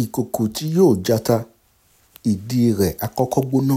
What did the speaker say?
Ìkòkò tí yóò jata, ìdí rẹ̀ á kọ́kọ́ gbóná